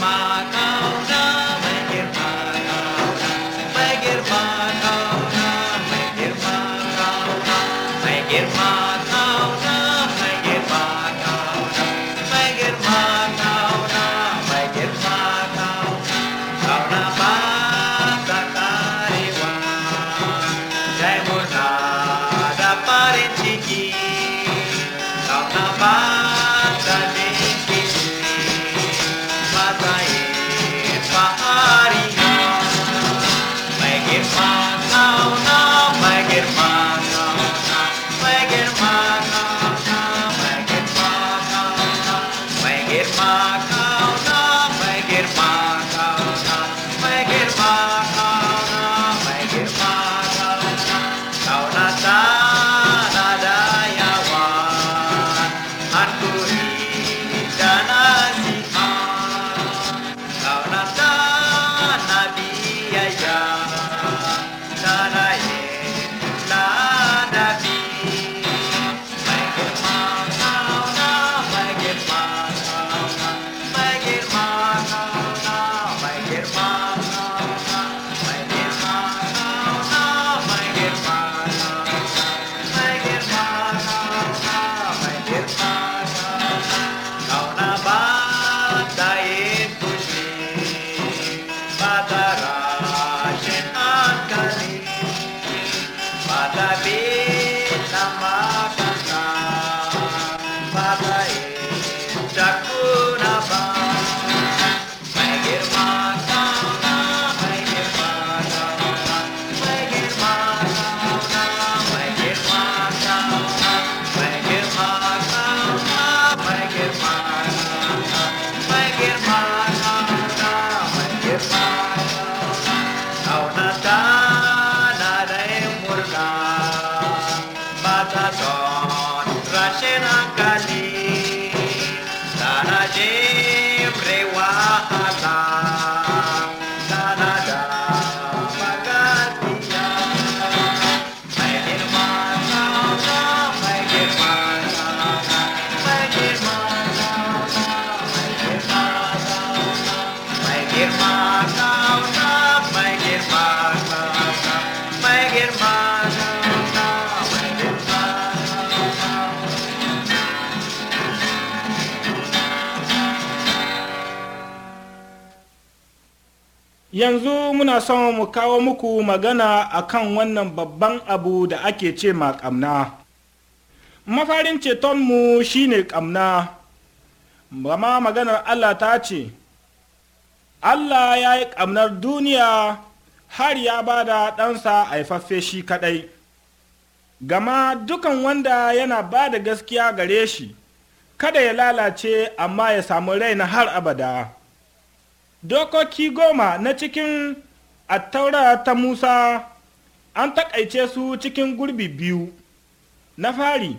my yanzu muna son mu kawo muku magana akan wannan babban abu da ake ce ma ƙamna mafarin cetonmu shine ƙamna ma maganar allah ta ce allah ya yi ƙamnar duniya har ya ba da ɗansa haifaffe shi kaɗai gama dukan wanda yana ba da gaskiya gare shi kada ya lalace amma ya samu rai na har abada dokoki goma na cikin attaura ta musa an taƙaice su cikin gurbi biyu na fari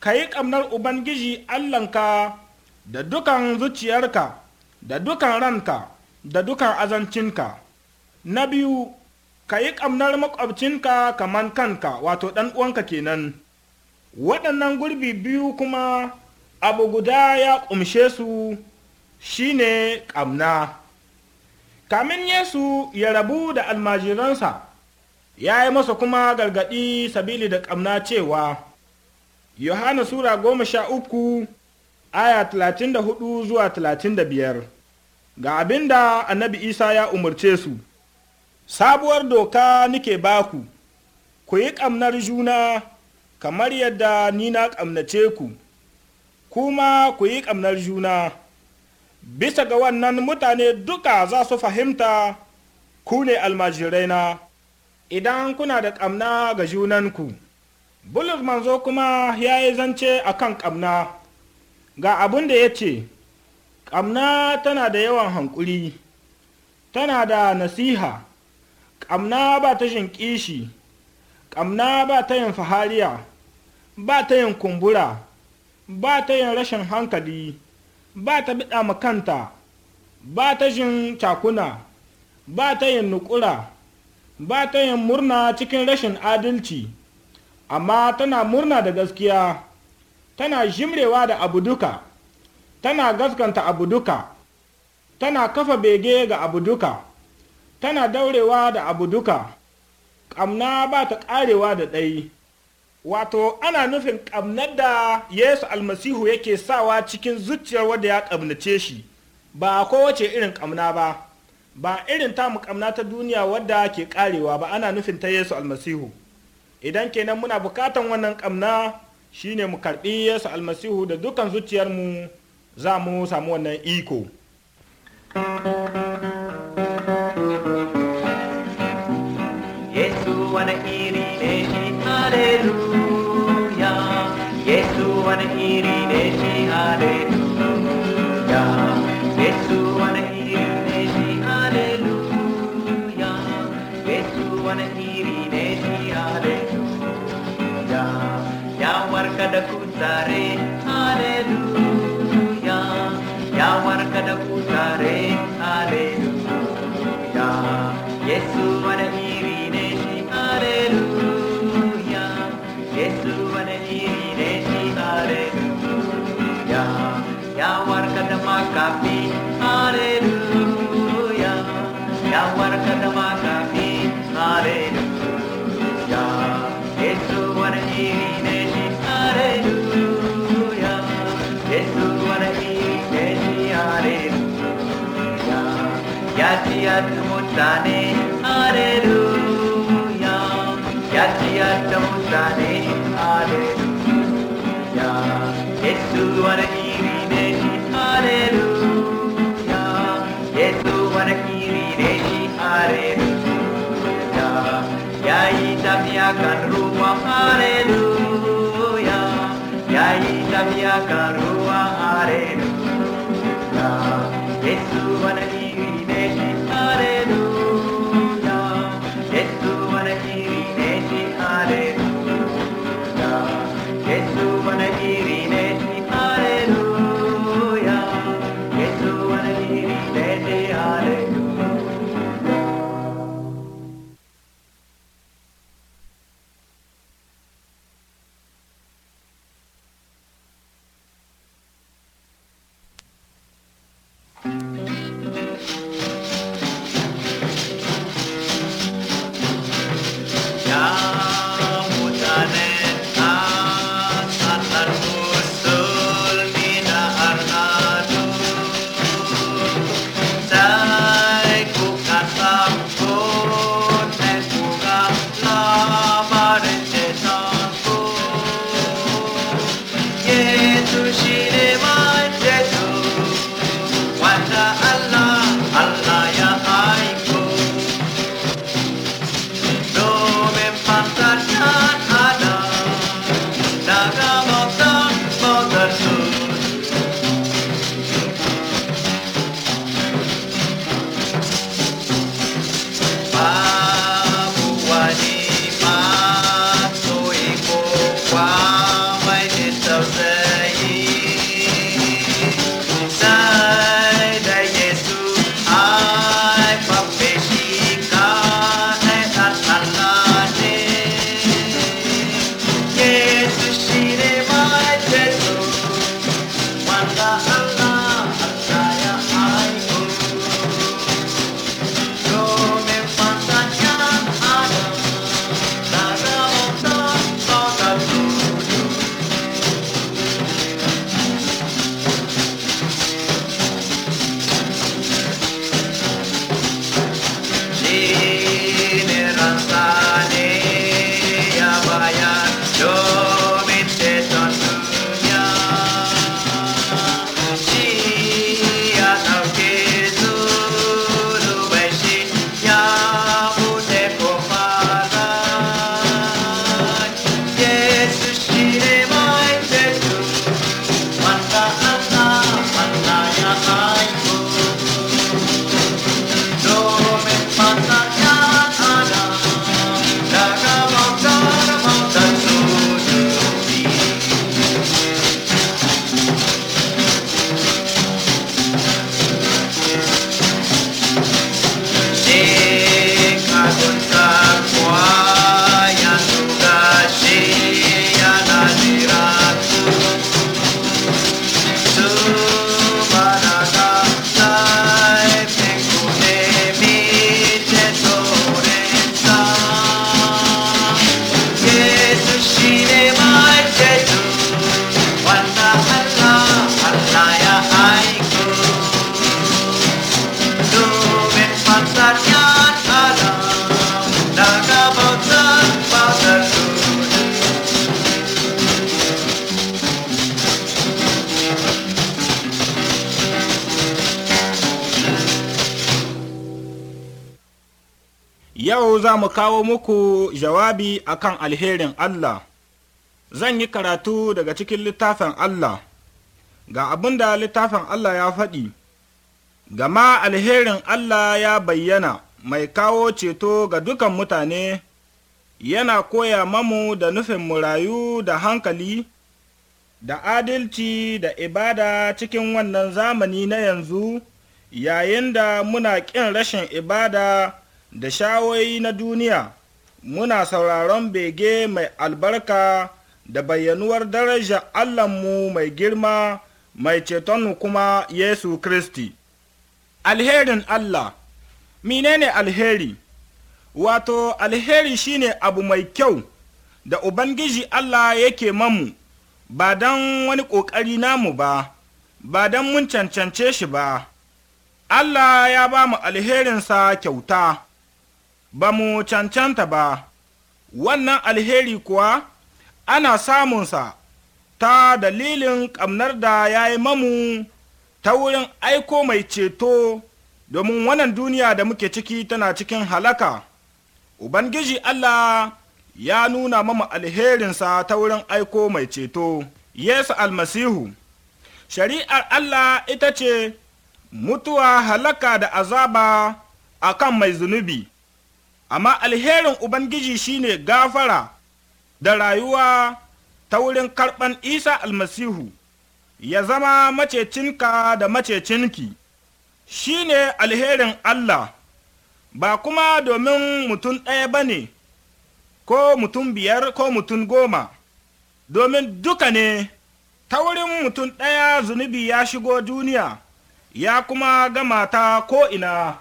ka yi ƙamnar ubangiji allahnka da dukan zuciyarka da dukan ranka da dukan azancinka na biyu ka yi ƙamnar makwabcinka kaman kanka wato ɗan uwanka kenan waɗannan gurbi biyu kuma abu guda ya ƙumshe su shine ƙamna kamin yesu ya rabu da almajiransa ya yi masa kuma gargaɗi sabili da ƙamna cewa yohana sura goma sha uku aya talatin da hudu zuwa talatin da biyar ga abin da annabi isa ya umarce su sabuwar doka nike baku ku yi ƙamnar juna kamar yadda ni na ƙamnace ku kuma ku yi ƙamnar juna bisa ga wannan mutane duka za su fahimta ku ne almajirai na? idan kuna da ƙamna ga junanku bulus manzo kuma ya yi zance a kan ƙamna ga abin da ya ce ƙamna tana da yawan hankuri tana da nasiha ƙamna ba ta shin ƙishi, ƙamna ba ta yin fahariya ba ta yin kumbura ba ta yin rashin hankali ba ta biɗa makanta ba ta jin cakuna ba ta yin nukura ba ta yin murna cikin rashin adalci amma tana murna da gaskiya tana jimrewa da abu duka tana gaskanta abu duka tana kafa bege ga abu duka tana daurewa da abu duka ƙamna ba ta ƙarewa da ɗai wato ana nufin ƙamnar da yesu almasihu yake sawa cikin zuciyar wadda ya ƙamnace shi ba kowace irin ƙamna ba ba irin tamu ƙamna ta duniya wadda ke ƙarewa ba ana nufin ta yesu almasihu idan kenan muna bukatan wannan ƙamna shine mu karɓi yesu almasihu da dukan zuciyarmu za mu samu wannan iko Yesu wani iri ne shi hallelujah Yesu wani iri ne shi hallelujah zane hallelujah yachiya tom zane hallelujah yesu vara kiri deshi hallelujah yesu vara kiri deshi hallelujah yai tapya kan ruwa hallelujah yai tapya kan ruwa hallelujah yesu vara yau za mu kawo muku jawabi akan alherin Allah. Zan yi karatu daga cikin littafin Allah, ga abin da littafin Allah ya faɗi, gama alherin Allah ya bayyana mai kawo ceto ga dukan mutane, yana koya mamu da nufin murayu da hankali, da adalci da ibada cikin wannan zamani na yanzu, yayin da muna ƙin rashin ibada. da shawoyi na duniya muna sauraron bege mai albarka da bayyanuwar daraja Allahnmu mai girma mai cetonmu kuma Yesu Kiristi. Alherin Allah menene alheri? Wato, alheri shine abu mai kyau da Ubangiji Allah yake mamu, ba don wani ƙoƙari namu ba, ba don mun cancance shi ba. Allah ya ba mu alherinsa kyauta. ba mu cancanta ba wannan alheri kuwa ana samunsa ta dalilin ƙamnar da ya yi mamu ta wurin aiko mai ceto domin wannan duniya da muke ciki tana cikin halaka ubangiji allah ya nuna mamu alherinsa ta wurin aiko mai ceto yesu almasihu shari'ar allah ita ce mutuwa halaka da azaba a kan mai zunubi amma alherin Ubangiji shine gafara da rayuwa ta wurin karɓan Isa almasihu ya zama macecinka da macecinki, shi ne alherin Allah, ba kuma domin mutum ɗaya ba ne, ko mutum biyar ko mutum goma, domin duka ne ta wurin mutum ɗaya zunubi ya shigo duniya, ya kuma gama ta ko'ina.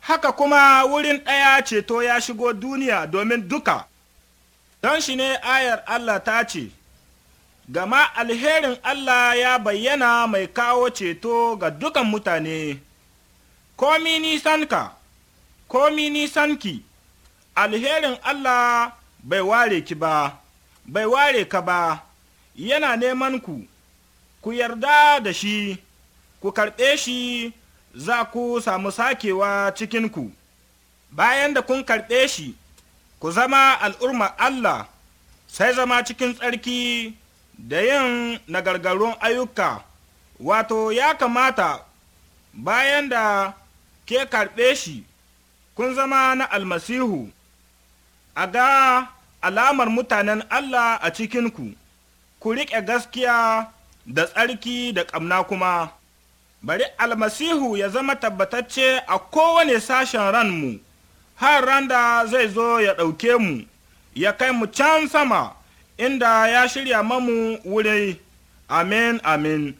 haka kuma wurin ɗaya ceto ya shigo duniya domin duka, don shi ne ayar Allah ta ce, Gama alherin Allah ya bayyana mai kawo ceto ga dukan mutane, komi ka, komi ki, alherin Allah bai ware ki ba, bai ware ka ba, yana neman ku, ku yarda da shi, ku karɓe shi za ku samu sakewa cikinku, bayan da kun karɓe shi, ku zama al'ummar Allah, sai zama cikin tsarki da yin nagargarun ayyuka, wato ya kamata bayan da ke karɓe shi, kun zama na almasihu, a ga alamar mutanen Allah a cikinku, ku riƙe gaskiya da tsarki da ƙamna kuma. bari almasihu ya zama tabbatacce a kowane sashen mu har randa zai zo ya ɗauke mu ya kai mu can sama inda ya shirya mamu wuri amin amin